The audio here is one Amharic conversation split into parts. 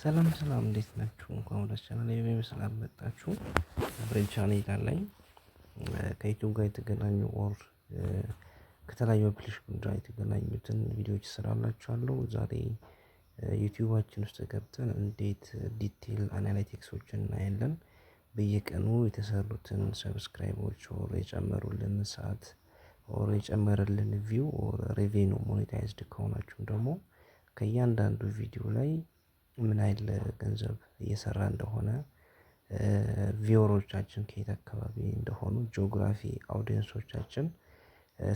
ሰላም ሰላም እንዴት ናችሁ? እንኳን ወደ ቻናሌ በሰላም መጣችሁ። አብረን ቻናሌ ላይ ከዩቲዩብ ጋር የተገናኙ ኦር ከተለያዩ አፕሊኬሽን ጋር የተገናኙትን ቪዲዮዎች እሰራላችኋለሁ። ዛሬ ዩቲዩባችን ውስጥ ገብተን እንዴት ዲቴል አናሊቲክሶችን እናያለን። በየቀኑ የተሰሩትን ሰብስክራይቦች ኦር የጨመሩልን ሰዓት ኦር የጨመረልን ቪው ኦር ሬቬኑ ሞኔታይዝድ ከሆናችሁም ደግሞ ከእያንዳንዱ ቪዲዮ ላይ ምን ያህል ገንዘብ እየሰራ እንደሆነ ቪወሮቻችን ከየት አካባቢ እንደሆኑ ጂኦግራፊ አውዲየንሶቻችን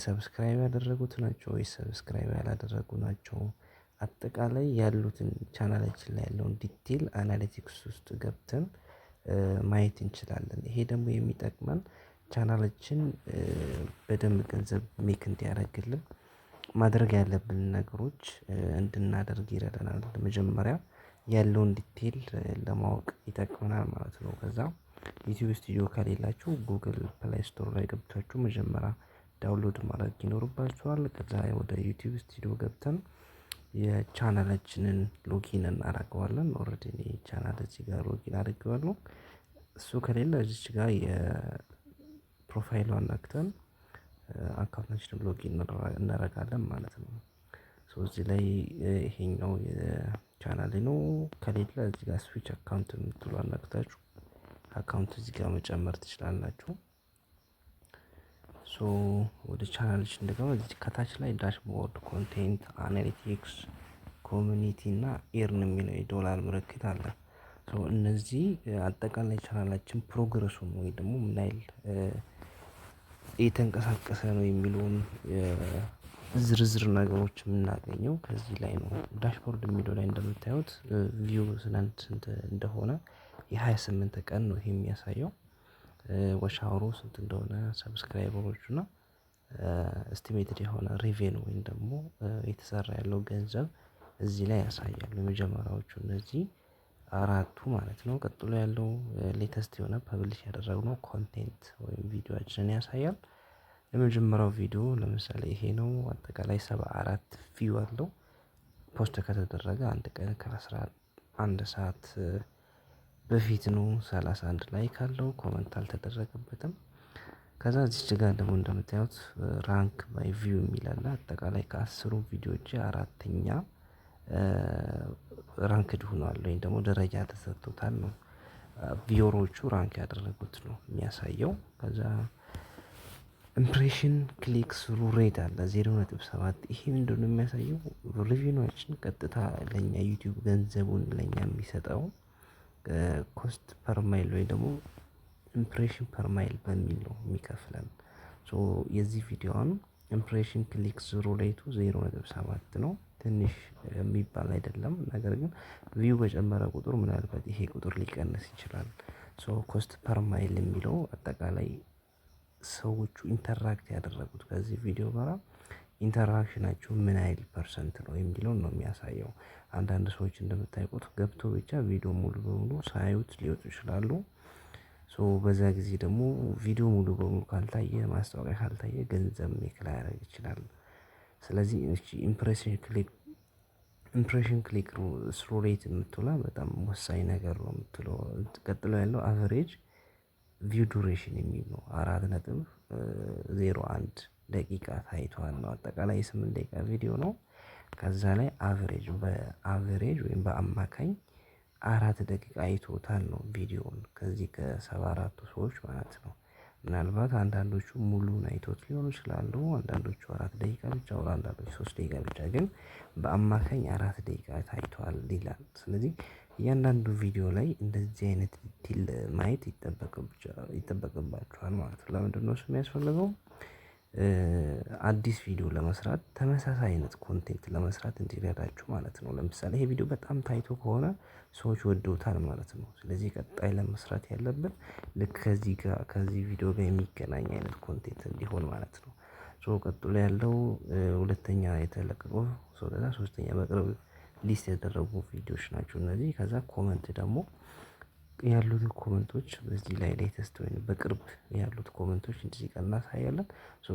ሰብስክራይብ ያደረጉት ናቸው ወይ ሰብስክራይብ ያላደረጉ ናቸው? አጠቃላይ ያሉትን ቻናላችን ላይ ያለውን ዲቴል አናሊቲክስ ውስጥ ገብተን ማየት እንችላለን። ይሄ ደግሞ የሚጠቅመን ቻናላችን በደንብ ገንዘብ ሜክ እንዲያደርግልን ማድረግ ያለብንን ነገሮች እንድናደርግ ይረዳናል። መጀመሪያ ያለውን ዲቴል ለማወቅ ይጠቅመናል ማለት ነው። ከዛ ዩቲዩብ ስቱዲዮ ከሌላችሁ ጉግል ፕላይ ስቶር ላይ ገብታችሁ መጀመሪያ ዳውንሎድ ማድረግ ይኖርባችኋል። ከዛ ወደ ዩቲዩብ ስቱዲዮ ገብተን የቻናላችንን ሎጊን እናደርገዋለን። ኦልሬዲ እኔ ቻናል እዚህ ጋር ሎጊን አድርጌዋለሁ። እሱ ከሌለ እዚች ጋር የፕሮፋይሏን ነክተን አካውንታችንን ሎጊን እናደርጋለን ማለት ነው። እዚህ ላይ ይሄኛው ቻናል ነው። ከሌለ እዚህ ጋር ስዊች አካውንት የምትሏን አካውንት እዚህ ጋር መጨመር ትችላላችሁ። ሶ ወደ ቻናልሽ እንደገባ እዚህ ከታች ላይ ዳሽቦርድ፣ ኮንቴንት፣ አናሊቲክስ፣ ኮሚኒቲ እና ኤርን የሚለው የዶላር ምልክት አለ። እነዚህ አጠቃላይ ቻናላችን ፕሮግረሱን ወይ ደግሞ ምን ያህል እየተንቀሳቀሰ ነው የሚለውን ዝርዝር ነገሮች የምናገኘው ከዚህ ላይ ነው። ዳሽቦርድ የሚለው ላይ እንደምታዩት ቪው ትናንት ስንት እንደሆነ የሃያ ስምንት ቀን ነው ይሄ የሚያሳየው። ወሻወሩ ስንት እንደሆነ ሰብስክራይበሮቹ እና ኤስቲሜትድ የሆነ ሬቬኒው ወይም ደግሞ የተሰራ ያለው ገንዘብ እዚህ ላይ ያሳያሉ። የመጀመሪያዎቹ እነዚህ አራቱ ማለት ነው። ቀጥሎ ያለው ሌተስት የሆነ ፐብሊሽ ያደረግነው ኮንቴንት ወይም ቪዲዮአችንን ያሳያል የመጀመሪያው ቪዲዮ ለምሳሌ ይሄ ነው አጠቃላይ ሰባ አራት ቪው አለው። ፖስት ከተደረገ አንድ ቀን ከአስራ አንድ ሰዓት በፊት ነው። ሰላሳ አንድ ላይክ አለው። ኮመንት አልተደረገበትም። ከዛ እዚች ጋር ደግሞ እንደምታዩት ራንክ ባይ ቪው የሚል አለ። አጠቃላይ ከአስሩ ቪዲዮዎች አራተኛ ራንክድ ሆኗል ወይም ደግሞ ደረጃ ተሰጥቶታል ነው ቪዮሮቹ ራንክ ያደረጉት ነው የሚያሳየው ከዛ ኢምፕሬሽን ክሊክስ ስሩ ሬት አለ ዜሮ ነጥብ ሰባት ይሄ ምንድነው የሚያሳየው? ሪቪኖችን ቀጥታ ለኛ ዩቲዩብ ገንዘቡን ለኛ የሚሰጠው ኮስት ፐር ማይል ወይ ደግሞ ኢምፕሬሽን ፐር ማይል በሚል ነው የሚከፍለን። ሶ የዚህ ቪዲዮ ኢምፕሬሽን ክሊክስ ስሩ ሬቱ ዜሮ ነጥብ ሰባት ነው። ትንሽ የሚባል አይደለም። ነገር ግን ቪው በጨመረ ቁጥር ምናልባት ይሄ ቁጥር ሊቀንስ ይችላል። ሶ ኮስት ፐር ማይል የሚለው አጠቃላይ ሰዎቹ ኢንተራክት ያደረጉት ከዚህ ቪዲዮ ጋራ ኢንተራክሽናቸው ምን ያህል ፐርሰንት ነው የሚለውን ነው የሚያሳየው። አንዳንድ ሰዎች እንደምታይቁት ገብቶ ብቻ ቪዲዮ ሙሉ በሙሉ ሳያዩት ሊወጡ ይችላሉ። ሶ በዛ ጊዜ ደግሞ ቪዲዮ ሙሉ በሙሉ ካልታየ፣ ማስታወቂያ ካልታየ ገንዘብ ሜክ ላያደርግ ይችላል። ስለዚህ ኢምፕሬሽን ክሊክ ስሩ ሬት የምትውላ በጣም ወሳኝ ነገር ነው የምትለው። ቀጥሎ ያለው አቨሬጅ ቪው ዱሬሽን የሚል ነው አራት ነጥብ ዜሮ አንድ ደቂቃ ታይቷል ነው። አጠቃላይ የስምንት ደቂቃ ቪዲዮ ነው። ከዛ ላይ አቨሬጅ በአቨሬጅ ወይም በአማካኝ አራት ደቂቃ አይቶታል ነው ቪዲዮውን ከዚህ ከሰባ አራቱ ሰዎች ማለት ነው። ምናልባት አንዳንዶቹ ሙሉን አይቶት ሊሆኑ ይችላሉ። አንዳንዶቹ አራት ደቂቃ ብቻ ወ አንዳንዶቹ ሶስት ደቂቃ ብቻ ግን በአማካኝ አራት ደቂቃ ታይቷል ይላል። ስለዚህ እያንዳንዱ ቪዲዮ ላይ እንደዚህ አይነት ዲቴል ማየት ይጠበቅባቸዋል ማለት ነው። ነው እሱ የሚያስፈልገው? አዲስ ቪዲዮ ለመስራት ተመሳሳይ አይነት ኮንቴንት ለመስራት እንዲረዳችሁ ማለት ነው። ለምሳሌ ይሄ ቪዲዮ በጣም ታይቶ ከሆነ ሰዎች ወደውታል ማለት ነው። ስለዚህ ቀጣይ ለመስራት ያለብን ልክ ከዚህ ጋር ከዚህ ቪዲዮ ጋር የሚገናኝ አይነት ኮንቴንት እንዲሆን ማለት ነው። ሶ ቀጥሎ ያለው ሁለተኛ የተለቀቀው ሶስተኛ በቅርብ ሊስት ያደረጉ ቪዲዮዎች ናቸው እነዚህ። ከዛ ኮመንት ደግሞ ያሉት ኮመንቶች በዚህ ላይ ሌተስት ወይም በቅርብ ያሉት ኮመንቶች እንደዚህ ጋር እናሳያለን።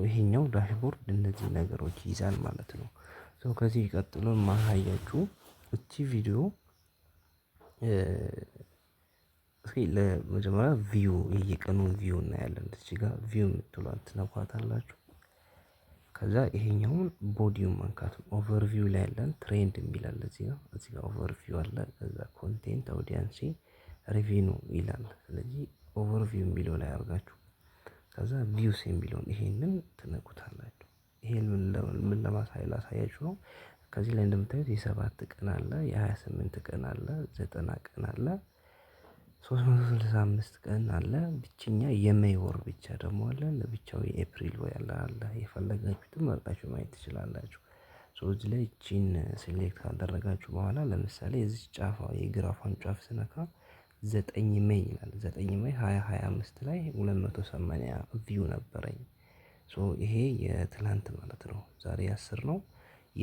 ይሄኛው ዳሽቦርድ እነዚህ ነገሮች ይይዛል ማለት ነው። ከዚህ ቀጥሎ ማሳያችሁ እቺ ቪዲዮ ለመጀመሪያ ቪዩ የየቀኑን ቪዩ እናያለን። እዚህ ጋር ቪዩ የምትሏት ትነኳታላችሁ ከዛ ይሄኛውን ቦዲውን መንካት ነው። ኦቨርቪው ላይ ያለን ትሬንድ የሚላል እዚህ ነው። እዚህ ጋር ኦቨርቪው አለ። ከዛ ኮንቴንት አውዲያንሲ ሪቪኑ ይላል። ስለዚህ ኦቨርቪው የሚለው ላይ አርጋችሁ ከዛ ቪውስ የሚለውን ይሄንን ትነቁታላችሁ። ይሄን ምን ለማሳይ ላሳያችሁ ነው። ከዚህ ላይ እንደምታዩት የሰባት ቀን አለ፣ የሀያ ስምንት ቀን አለ፣ ዘጠና ቀን አለ 365 ቀን አለ ብቸኛ የሜይ ወር ብቻ ደግሞ አለ ለብቻው የኤፕሪል ወር አለ የፈለጋችሁትን መርጣችሁ ማየት ትችላላችሁ። ሶ እዚህ ላይ ቺን ሴሌክት ካደረጋችሁ በኋላ ለምሳሌ የዚች ጫፋ የግራፏን ጫፍ ስነካ ዘጠኝ ሜይ ይላል ዘጠኝ ሜይ 2025 ላይ 280 ቪው ነበረኝ። ሶ ይሄ የትላንት ማለት ነው ዛሬ አስር ነው።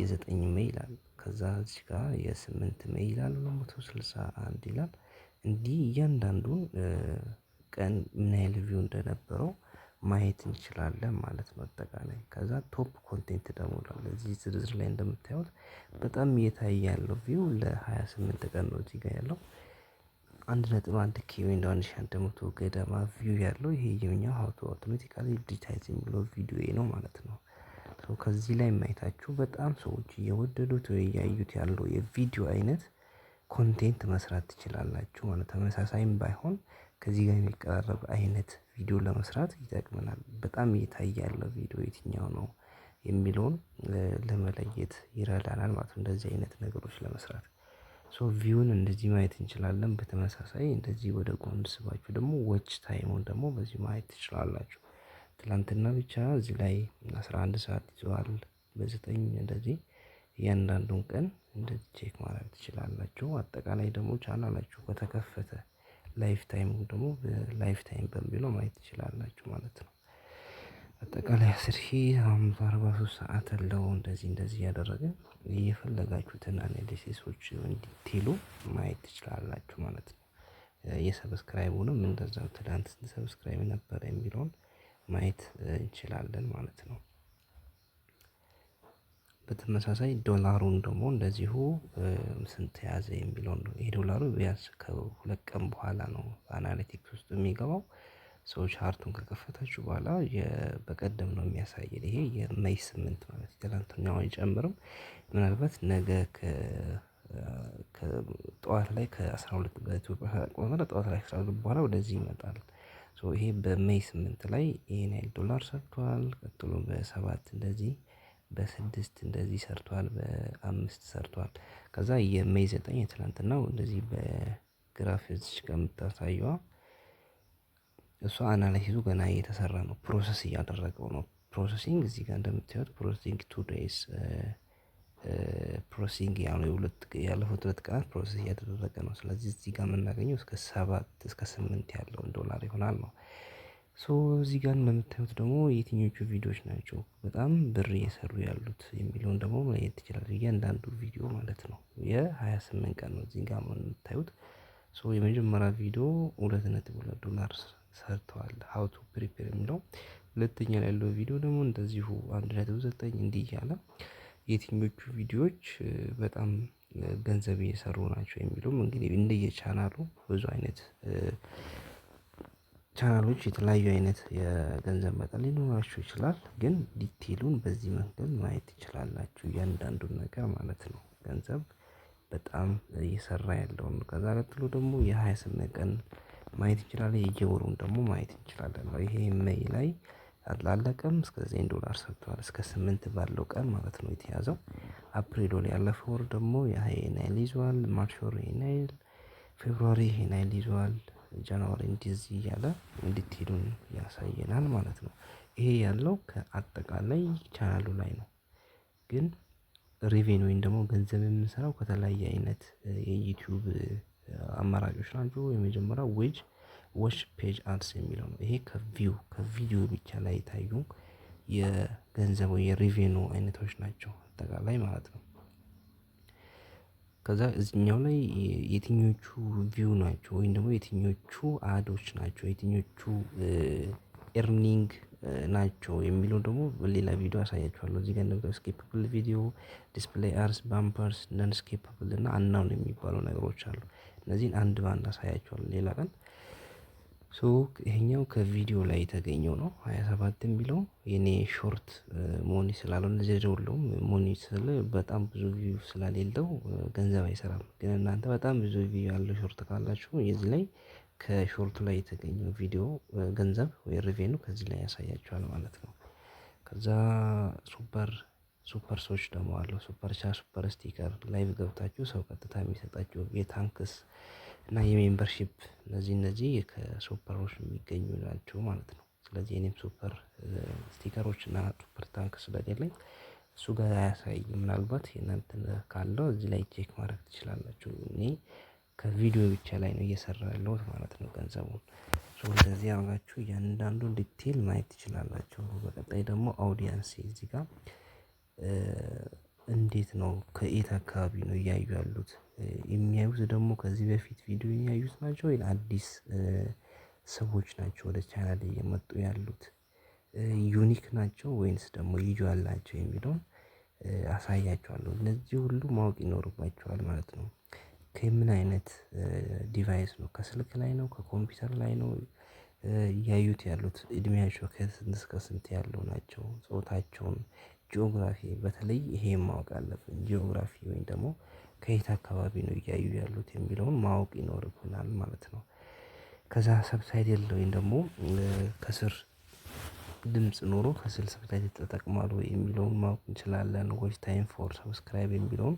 የዘጠኝ ሜይ ይላል ከዛ እዚህ ጋር የስምንት ሜይ ይላል ሁለት ይላል እንዲህ እያንዳንዱን ቀን ምን ያህል ቪው እንደነበረው ማየት እንችላለን ማለት ነው። አጠቃላይ ከዛ ቶፕ ኮንቴንት ደግሞ እዚህ ዝርዝር ላይ እንደምታዩት በጣም እየታየ ያለው ቪው ለሃያ 28 ቀን ነው እዚህ ጋር ያለው አንድ ነጥብ አንድ ኬ ወይም አንድ ሺህ አንድ መቶ ገደማ ቪው ያለው ይሄ የኛው ሀውቱ አውቶሜቲካሊ ኤዲታይዝ የሚለው ቪዲዮዬ ነው ማለት ነው። ከዚህ ላይ ማየታችሁ በጣም ሰዎች እየወደዱት ወይ እያዩት ያለው የቪዲዮ አይነት ኮንቴንት መስራት ትችላላችሁ ማለት ተመሳሳይም ባይሆን ከዚህ ጋር የሚቀራረብ አይነት ቪዲዮ ለመስራት ይጠቅመናል በጣም እየታየ ያለው ቪዲዮ የትኛው ነው የሚለውን ለመለየት ይረዳናል ማለት እንደዚህ አይነት ነገሮች ለመስራት ሶ ቪውን እንደዚህ ማየት እንችላለን በተመሳሳይ እንደዚህ ወደ ጎን ስባችሁ ደግሞ ዎች ታይሙን ደግሞ በዚህ ማየት ትችላላችሁ። ትላንትና ብቻ እዚህ ላይ 11 ሰዓት ይዘዋል በዘጠኝ እንደዚህ እያንዳንዱን ቀን እንደዚህ ቼክ ማድረግ ትችላላችሁ። አጠቃላይ ደግሞ ቻናላችሁ ከተከፈተ ላይፍ ታይም ደግሞ በላይፍ ታይም በሚለው ማየት ትችላላችሁ ማለት ነው። አጠቃላይ አስር ሺህ አምስት አርባ ሶስት ሰዓት አለው እንደዚህ እንደዚህ እያደረገ የፈለጋችሁትን አናሊሲሶች እንዲቴሉ ማየት ትችላላችሁ ማለት ነው። የሰብስክራይቡንም እንደዛው ትናንት ሰብስክራይብ ነበር የሚለውን ማየት እንችላለን ማለት ነው። በተመሳሳይ ዶላሩን ደግሞ እንደዚሁ ስንት ያዘ የሚለውን ነው ይሄ ዶላሩ ቢያንስ ከሁለት ቀን በኋላ ነው በአናሊቲክስ ውስጥ የሚገባው። ሶ ቻርቱን ከከፈታችሁ በኋላ በቀደም ነው የሚያሳየን ይሄ የመይ ስምንት ማለት የትላንትናው አይጨምርም። ምናልባት ነገ ጠዋት ላይ ከአስራ ሁለት በኢትዮጵያ ሰዓት ጠዋት ላይ ከአሥራ ሁለት በኋላ ወደዚህ ይመጣል። ይሄ በመይ ስምንት ላይ ይህን ያህል ዶላር ሰርቷል ቀጥሎ በሰባት እንደዚህ በስድስት እንደዚህ ሰርቷል በአምስት ሰርቷል ከዛ የሜይ ዘጠኝ የትላንትናው እንደዚህ በግራፊክስ ከምታሳየዋ እሷ አናላይሲሱ ገና እየተሰራ ነው ፕሮሰስ እያደረገው ነው ፕሮሰሲንግ እዚህ ጋር እንደምታዩት ፕሮሰሲንግ ቱ ዴይስ ፕሮሰሲንግ ያለፉት ሁለት ቀናት ፕሮሰስ እያደረገ ነው ስለዚህ እዚህ ጋር የምናገኘው እስከ ሰባት እስከ ስምንት ያለውን ዶላር ይሆናል ነው ሶ እዚህ ጋር እንደምታዩት ደግሞ የትኞቹ ቪዲዮዎች ናቸው በጣም ብር እየሰሩ ያሉት የሚለውን ደግሞ ማየት ትችላላችሁ። እያንዳንዱ ቪዲዮ ማለት ነው የ28 ቀን ነው እዚህ ጋር የምታዩት። ሶ የመጀመሪያ ቪዲዮ ሁለት ነጥብ ሁለት ዶላር ሰርተዋል ሀው ቱ ፕሪፔር የሚለው ሁለተኛ ላይ ያለው ቪዲዮ ደግሞ እንደዚሁ አንድ ነጥብ ዘጠኝ እንዲህ እያለ የትኞቹ ቪዲዮዎች በጣም ገንዘብ እየሰሩ ናቸው የሚለውም እንግዲህ እንደየቻናሉ ብዙ አይነት ቻናሎች የተለያዩ አይነት የገንዘብ መጠን ሊኖራችሁ ይችላል ግን ዲቴሉን በዚህ መንገድ ማየት ትችላላችሁ እያንዳንዱን ነገር ማለት ነው። ገንዘብ በጣም እየሰራ ያለውን ከዛ ቀጥሎ ደግሞ የሃያ ስምንት ቀን ማየት እንችላለን የየወሩን ደግሞ ማየት እንችላለን ይሄ ሜይ ላይ አላለቀም እስከ ዘጠኝ ዶላር ሰርቷል እስከ ስምንት ባለው ቀን ማለት ነው የተያዘው። አፕሪል ወር ያለፈው ወር ደግሞ የሀይ ናይል ይዟል ማርች ወር ይሄን ያህል ፌብሩዋሪ ይሄን ያህል ይዟል ጃንዋሪ እንዲዚህ እያለ እንድትሄዱን ያሳየናል ማለት ነው። ይሄ ያለው ከአጠቃላይ ቻናሉ ላይ ነው። ግን ሪቬን ወይም ደግሞ ገንዘብ የምንሰራው ከተለያየ አይነት የዩቲዩብ አማራጮች ናቸው። የመጀመሪያው ዌጅ ዎች ፔጅ አድስ የሚለው ነው። ይሄ ከቪው ከቪዲዮ ብቻ ላይ የታዩ የገንዘቡ የሪቬኑ አይነቶች ናቸው አጠቃላይ ማለት ነው ከዛ እዚኛው ላይ የትኞቹ ቪው ናቸው ወይም ደግሞ የትኞቹ አዶች ናቸው የትኞቹ ኤርኒንግ ናቸው የሚለው ደግሞ በሌላ ቪዲዮ አሳያችኋለሁ። እዚህ ጋር እንደምታዩት ስኬፐብል ቪዲዮ፣ ዲስፕሌይ አርስ፣ ባምፐርስ፣ ነን ስኬፐብል እና አናውን የሚባሉ ነገሮች አሉ። እነዚህን አንድ በአንድ አሳያችኋለሁ ሌላ ቀን። ሶ ይሄኛው ከቪዲዮ ላይ የተገኘው ነው ሃያ ሰባት የሚለው የኔ ሾርት ሞኒ ስላልሆነ የለውም ሞኒ ስለ በጣም ብዙ ቪዩ ስላሌለው ገንዘብ አይሰራም። ግን እናንተ በጣም ብዙ ቪዩ ያለው ሾርት ካላችሁ የዚህ ላይ ከሾርቱ ላይ የተገኘው ቪዲዮ ገንዘብ ወይ ሪቬኑ ከዚህ ላይ ያሳያችኋል ማለት ነው። ከዛ ሱፐር ሱፐር ሶች ደግሞ አለው ሱፐር ቻት ሱፐር ስቲከር ላይቭ ገብታችሁ ሰው ቀጥታ የሚሰጣችሁ የታንክስ እና የሜምበርሺፕ እነዚህ እነዚህ ከሱፐሮች የሚገኙ ናቸው ማለት ነው። ስለዚህ እኔም ሱፐር ስቲከሮች እና ሱፐር ታንክ ስለሌለኝ እሱ ጋር አያሳይም ምናልባት የእናንተን ካለው እዚህ ላይ ቼክ ማድረግ ትችላላችሁ። እኔ ከቪዲዮ ብቻ ላይ ነው እየሰራ ያለሁት ማለት ነው። ገንዘቡን እንደዚህ አድርጋችሁ እያንዳንዱ ዲቴል ማየት ትችላላችሁ። በቀጣይ ደግሞ አውዲያንስ እዚህ ጋር እንዴት ነው ከየት አካባቢ ነው እያዩ ያሉት? የሚያዩት ደግሞ ከዚህ በፊት ቪዲዮ ያዩት ናቸው ወይ አዲስ ሰዎች ናቸው ወደ ቻናሌ እየመጡ ያሉት? ዩኒክ ናቸው ወይንስ ደግሞ ዩዥዋል ናቸው የሚለውን አሳያቸዋለሁ። እነዚህ ሁሉ ማወቅ ይኖርባቸዋል ማለት ነው። ከምን አይነት ዲቫይስ ነው ከስልክ ላይ ነው ከኮምፒውተር ላይ ነው? እያዩት ያሉት እድሜያቸው ከስንት እስከ ስንት ያለው ናቸው ጾታቸውን ጂኦግራፊ በተለይ ይሄ ማወቅ አለብን ጂኦግራፊ ወይም ደግሞ ከየት አካባቢ ነው እያዩ ያሉት የሚለውን ማወቅ ይኖርብናል ማለት ነው። ከዛ ሰብታይትል ወይም ደግሞ ከስር ድምጽ ኖሮ ከስር ሰብታይትል ተጠቅማሉ የሚለውን ማወቅ እንችላለን። ዎች ታይም ፎር ሰብስክራይብ የሚለውን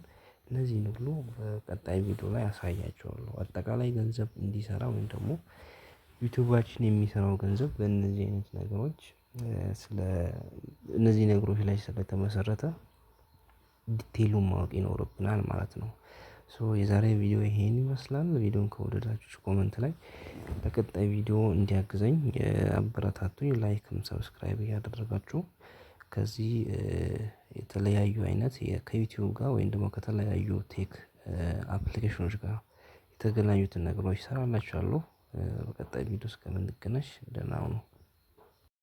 እነዚህን ሁሉ በቀጣይ ቪዲዮ ላይ አሳያቸዋሉ አጠቃላይ ገንዘብ እንዲሰራ ወይም ደግሞ ዩቱባችን የሚሰራው ገንዘብ በእነዚህ አይነት ነገሮች ስለ እነዚህ ነገሮች ላይ ስለተመሰረተ ዲቴሉን ማወቅ ይኖርብናል ማለት ነው። የዛሬ ቪዲዮ ይሄን ይመስላል ቪዲዮን ከወደዳችሁ ኮመንት ላይ በቀጣይ ቪዲዮ እንዲያግዘኝ አበረታቱኝ ላይክም ሰብስክራይብ እያደረጋችሁ ከዚህ የተለያዩ አይነት ከዩቲዩብ ጋር ወይም ደግሞ ከተለያዩ ቴክ አፕሊኬሽኖች ጋር የተገናኙትን ነገሮች እሰራላችኋለሁ። በቀጣይ ቪዲዮ እስከምንገናኝ ደህና ነው።